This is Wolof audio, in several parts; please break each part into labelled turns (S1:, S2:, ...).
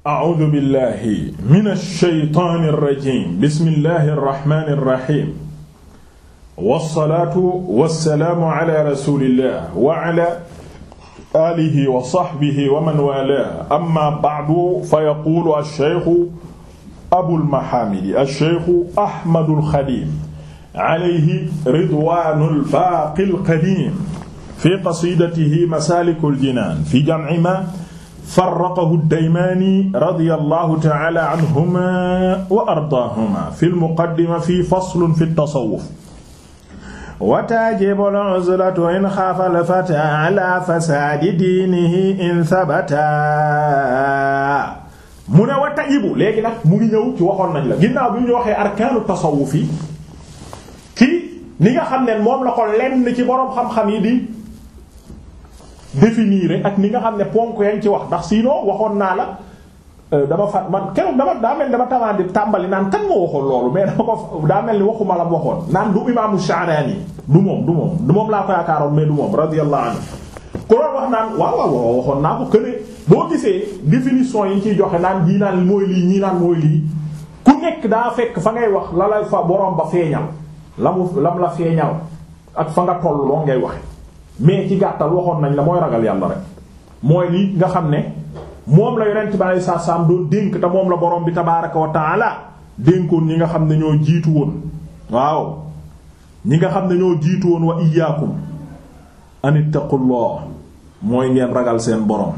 S1: A'uuzu billaahi mina shaytaani rajiim bismillaahi rahmaani rahiim. Wassalaatu wassalaamu alaa rasuulillaah wa alaa aalihi wa sahbihi wa man waalaahu. Ammaa ba'du fayaquulu ash-shaykhu Abul Mahaamidi ash-shaykhu Ahmadul Xadiim alayhi ridwaanul baaqil qadiim fii qasiidatihi Masaalikul Jinaan fii jam'i maa farraqahu Daymaani radiyallahu ta'ala anhumaa wa ardaahumaa fil muqaddima fii faslun fi tasawwuf wa taajibul uzlatu in xaafa al-fataa alaa fasaadi diinihi in sabata mu ne wa tajibu léegi nag mu ngi ñëw ci waxoon nañ la ginnaaw bi ñu waxee arkaanu tasawuf yi ci li nga xam ne moom la ko lenn ci boroom xam-xam yi di. définir ak ni nga xam ne ponk yañ ci wax ndax sinon waxoon naa la euh, dama fa man keroog dama daa mel dama tamaan di tàmbali naan kan moo waxoon loolu mais ko daa mel ni waxuma la waxoon naan du imaamu Sha'rani du moom du moom du moom laa ko yaakaaroon mais du moom waxoon naa ko këne boo gisee définition yi ciy joxe naan jii naan mooy lii ñii naan mooy lii ku nekk daa fekk fa ngay wax la la fa borom ba feeñal la mu lam la feeñal ak fa nga tollu loo ngay waxe mais ci gàttal waxoon nañ la mooy ragal yàlla rek mooy lii nga xam ne moom la yonent bi alayhi salaam doon dénk te moom la borom bi tabaaraka wa taala dénkoon ñi nga xam ne ñoo jiitu woon waaw ñi nga xam ne ñoo jiitu woon wa iyyaakum an ittaqullah mooy ngeen ragal seen borom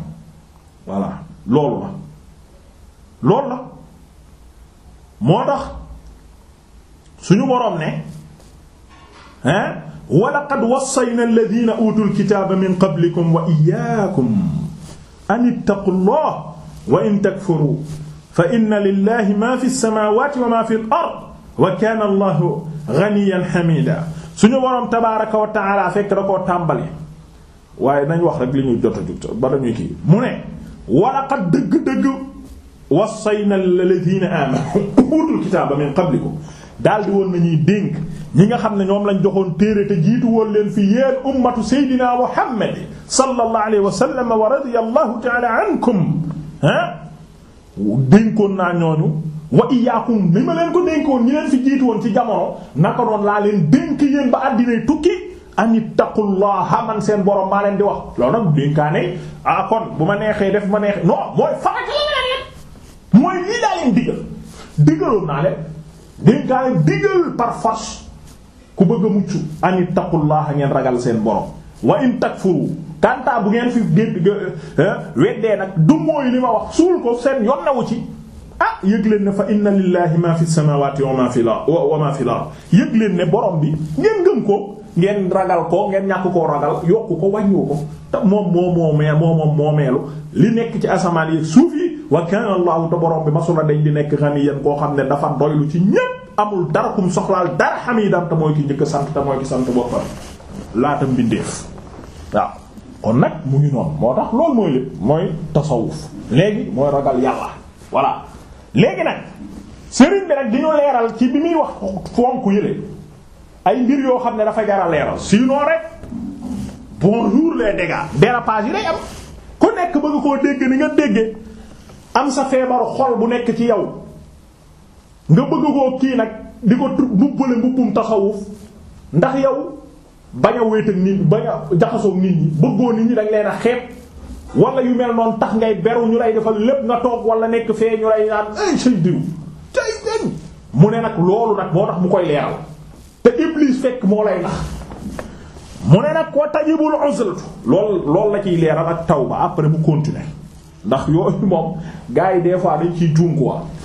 S1: voilà loolu la loolu la moo tax suñu borom ne hein wa laqad wassayna alladhina utul kitaaba min qablikum wa iyyakum an ittaqullaha wa in takfuru fa inna lillahi ma fi samawati wa ma fi al-ard wa kana allahu ghaniyan hamida suñu boroom tabaaraka wa ta'ala fekk da koo tàmbali waaye nañ wax rek li ñu jot a jug bala ñuy kii mu ne walaqad dëgg-dëgg wassayna alladhina amanu utul kitaaba min qablikum daal di woon nañuy dénk ñi nga xam ne ñoom lañ joxoon téere te jiitu woon leen fi yéen ummatu seydina muhammad sallallahu alayhi wa sallam wa radiyallahu ta'ala ankum ah dénkoon naa ñooñu wa iyaakum ni ma leen ko dénkoon ñi leen fi jiitu woon ci jamono naka doon laa leen dénk yéen ba àddinay tukki an ittaqullaha man seen borom maa leen di wax loolu nag dénkaane ah kon bu ma neexee def ma neexee non mooy farata la leen leen digal digaloon par force ku bëgg a mucc ani a ngeen ragal seen borom wa in takfuru kanta bu ngeen fi gédd eh, weddee nag du mooy li ma wax suul ko seen yoon newu ci ah yëg leen ne fa inna lillahi ma fi samawati wa ma fi la wa ma fi la ne borom bi ngeen gëm ko ngeen ragal ko ngeen ñàkk koo ragal yokku ko wàññiwu ko te moom moo moomee moo moom moomeelu li nekk ci asamaan yi suuf yi wa te borom bi masula dañ di nekk ganiyan koo xam ne dafa doylu ci ñépp amul dara kum soxlaal dara xamiidam te mooy ki njëkk sant te mooy ki sant boppam laata mbindeef waaw kon nag mu ngi noonu moo tax loolu mooy lépp mooy tasawuf léegi mooy ragal yàlla voilà léegi nag sëriñ bi nag di leeral ci bi muy wax fonk yële ay mbir yoo xam ne dafa jar a si sinon rek lee les dégâts dérapage yi day am ku nekk bëgg koo dégg ni nga déggee am sa feebaru xol bu nekk ci yow nga bëgg koo kii nag di ko mbubbale mbubbum taxawu ndax yow bañ a wéet ak nit bañ a jaxasoog nit ñi bëggoo nit ñi dañ leen a xeeb wala yu mel noonu tax ngay beru ñu lay defal lépp nga toog walla nekk fee ñu lay naan ay say diw tay dañ mu ne nag loolu nag moo tax mu koy leeral te iblis fekk moo lay nax mu ne nag ko tajibul uzlatu lool loolu la ciy leeral ak tawba après bu continuer ndax yooyu moom gars yi des fois dañ ciy juum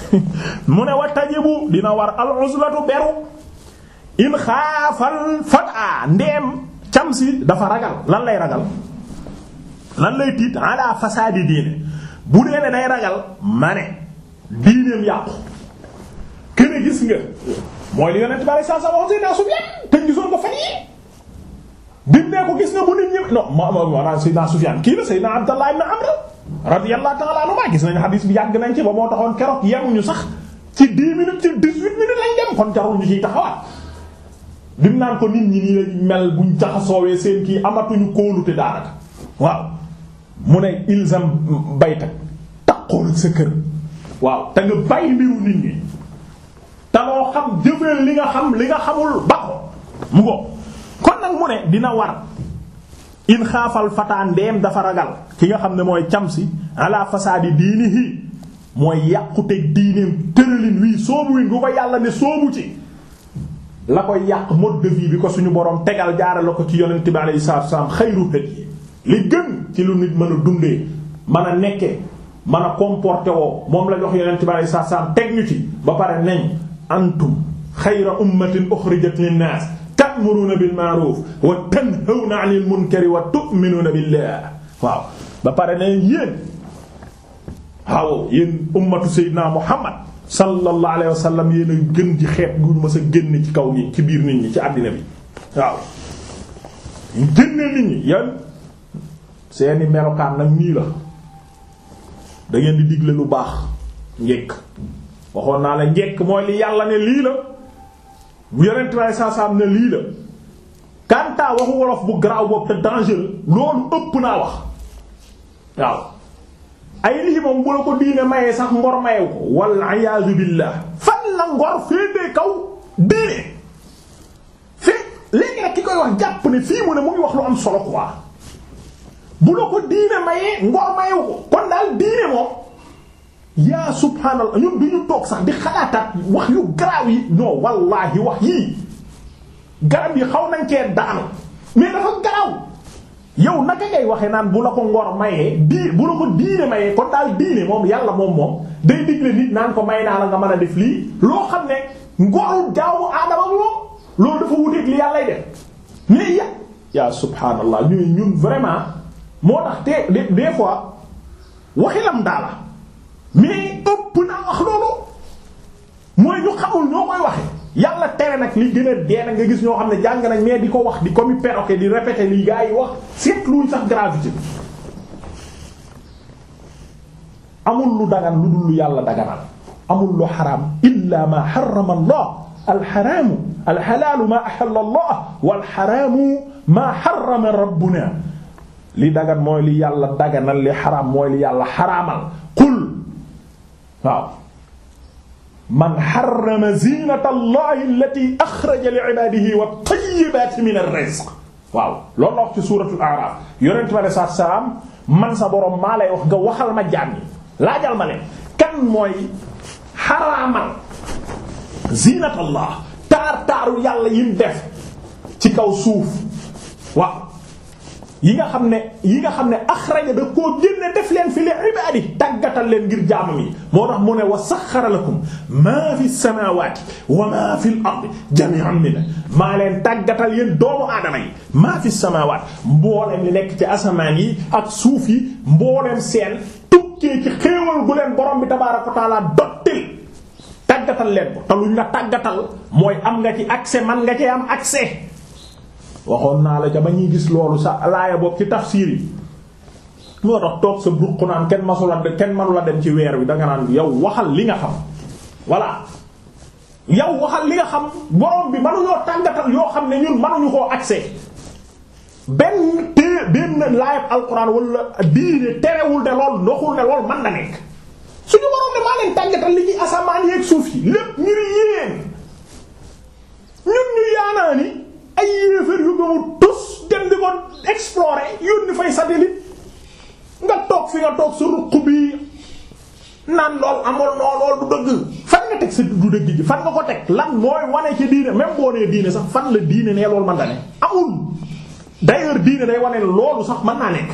S1: mu ne wa tajibu dina war al uzlatu beru in xaafal fata ndeem cam si dafa ragal lan lay ragal lan lay tiit ala fasaadi diine bu dee ne day ragal ma ne diineem yàqu kene gis nga mooy li yonent bari saa sa wax Seydina Sufyaan te gisoon ko fan yii bim ne gis nga bu nit ñi non ma ma ma Seydina Sufyaan kii la Seydina Abdallah ibn Amr radiyallahu ta'ala anhu maa gis nañ xadiis bi yàgg nañ ci ba moo taxoon keroog yemuñu sax ci 10 minutes ci 18 minutes lañ dem kon jarul ñu ciy taxawaat bi mu naan ko nit ñi nii lañ mel buñ jaxasoowee seen kii amatuñu kóolute daanaka waaw mu ne ilzam baytak taqool sa kër waaw te nga bàyyi mbiru nit ñi te loo xam jëfeel li nga xam li nga xamul ba ko mu ko kon nag mu ne dina war in xaafal fataan ndeem dafa ragal ki nga xam ne mooy camsi ala fasaadi diinihi mooy yàquteg diineem tëralin wii soobu wi ngu ko yàlla ne soobu ci la koy yàq mode de vie bi ko suñu borom tegal jaara la ko ci yonent bi alayhi salaatu wasalaam xayru hadi li gën ci lu nit mën a dundee mën a nekke mën a comporté woo moom la jox yonent bi alayhi salaatu wasalaam teg ñu ci ba pare nañ antum xayra ummatin uxrijat lin naas ta'muruna bil ma'ruf wa tanhawna 'anil munkari wa tu'minuna billah waaw ba pare ne yéen waaw yéen ummatu sayyidina Muhammad sallallahu alayhi wa sallam yéen gën ci xeet gu ma génn ci kaw ñi ci biir nit ñi ci àddina bi waaw génnee nit ñi yan seeni melokaan nag nii la da di digle lu baax njekk waxoon naa la njekk mooy li yàlla ne lii la bu yonent bi saa saam ne lii la kantaa waxu wolof bu garaaw boobu te dangereux loolu ëpp naa wax waaw ay lii moom bu la ko diine mayee sax ngor mayew ko wal ayaazu billaah fan la ngor féetee kaw diine fekk léegi nag ki koy wax jàpp ne fii mu ne mu ngi wax lu am solo quoi bu la ko diine mayee ngor mayew ko kon daal diine moom yaa subhaanallah ñun du ñu toog sax di xalaataat wax yu garaaw yi non wallaahi wax yii garab yi xaw nañ cee daanu mais dafa garaaw yow naka ngay waxee naan bu la ko ngor mayee di bu la ko diine mayee kon daal diine moom yàlla moom moom day digle nit naan ko may naa la nga mën a def lii loo xam ne ngoru jaamu aadama moom loolu dafa wuteeg li yàllay def mais ya yaa subhaanallah ñun vraiment moo tax te des fois waxilam daala mais ëpp na wax loolu mooy ñu xamul ñoo koy waxe yàlla tere nag li gën a deen nga gis ñoo xam ne jàng nañ mais di ko wax di ko mi perroquet di répéter li gaa yi wax seetluñ sax gravité amul lu dagan lu dul lu yàlla daganal amul lu xaraam illa ma xarama allah alxaraamu alxalaalu ma axalla allah walxaraamu ma xarama rabbuna li dagan mooy li yàlla daganal li xaraam mooy li yàlla xaraamal waaw man harrama zinata allahi allati axraja li ibadihi wat tayyibati min ar-rizq waaw loolu la wax ci suuratul a'raaf yonent bi alayhi salaam man sa borom maa lay wax nga waxal ma jaam yi laajal ma leen kan mooy xaraamal zinata allah taar taaru yàlla yim def ci kaw suuf waaw yi nga xam ne yi nga xam ne axraja da koo génne def leen fi li ibaadi tàggatal leen ngir jaamam yi moo tax mu ne wa saxara lakum maa fi samaawaati wa maa fi al-ardi maa leen tàggatal yéen doomu aadama yi maa fi samaawaat mbooleem li nekk ci asamaan yi ak suuf yi mbooleem seen tukkee ci xéewal bu leen borom bi tabaaraka wa taala dottil tàggatal leen ko te luñ la tàggatal mooy am nga ci accès man nga cee am accès waxoon naa la ca ba ñuy gis loolu sa laaya boobu ci tafsiir yi moo tax toog sa bruq naan kenn masula kenn manula dem ci weer wi danga naan yow waxal li nga xam voilà yow waxal li nga xam borom bi manuñoo tàngatal yoo xam ne ñun manuñu koo accès benn té benn laayab alquran wala diine terewul de lool ndoxul ne lool man na nekk suñu borom ne maa leen tàngatal li ñuy toog sa ruq bi naan lool amul noo lool du dëgg fan nga teg sa du dëgg ji fan nga ko teg lan mooy wane ci diine même boo nee diine sax fan la diine nee loolu man da ne amul d'ailleurs wane loolu sax man naa nekk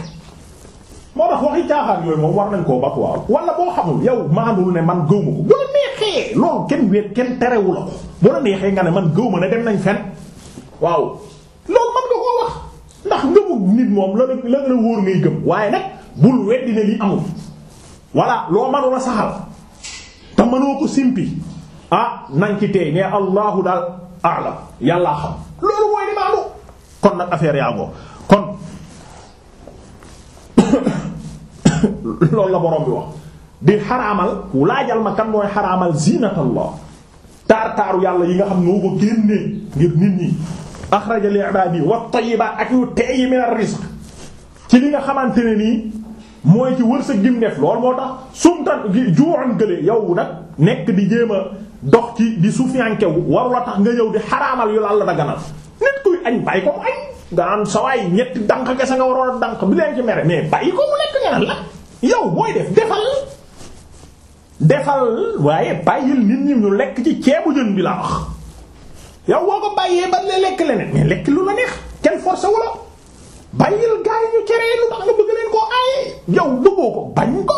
S1: moo tax waxi caaxaan yooyu moom war nañ koo bàq waaw wala boo xamul yow maanul ne man gëw ma ko bu neexee loolu kenn weet kenn terewu la ko bu neexee nga ne man gëw ma ne dem nañ fen waaw loolu mën nga koo wax ndax ngëmu nit moom la la la wóor ngay gëm waaye nag bul weddi ne lii amul loo mënula saxal te mënoo ko simpi ah nañ ki tey ne allahu daal a'lam yàllaa xam loolu mooy li maanu kon nag affaire yaa ngoo kon loolu la borom bi wax di xaraamal laajal ma kan xaraamal zinatallah taar taaru yàlla yi nga xam noo ko génnee ngir nit ñi axraja li ibadi wat tayyibat ak yu teey min ar-rizq ci li nga xamante nii mooy ci wërsëg gim def loolu moo tax sumtan juuxan gële yow nag nekk di jéem a dox ci di suufiyankewu waru la tax nga ñëw di xaraamal yu la daganal nit kuy añ bàyyi ko mu añ nga kese nga waroon dànq bi leen mais bàyyi ko mu lekk nga la yow booy def defal defal waaye bàyyil nit ñi ñu lekk ci ceebu jën bi laa wax yow boo ko bàyyee ba la lekk leneen mais lekk lu la neex kenn forcé la bàyyil gaa cere lu tax nga bëgg leen ay yow bëggoo ko bañ ko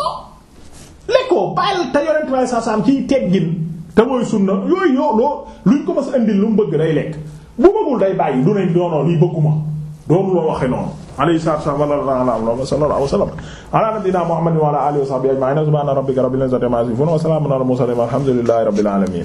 S1: lekkoo bàyyil te yonent bi saa saam ciy teggin te mooy sunna yooyu yoo loo luñ ko mas indil lu mu bëgg day lekk bu bëggul day bàyyi du ne non non bëgguma doonu loo waxe noonu alayhi salatu wassalam sallallahu alayhi wa sallam ala nabiyina muhammadin wa ala alihi wa sahbihi ajma'in subhana rabbika rabbil izzati amma yasifun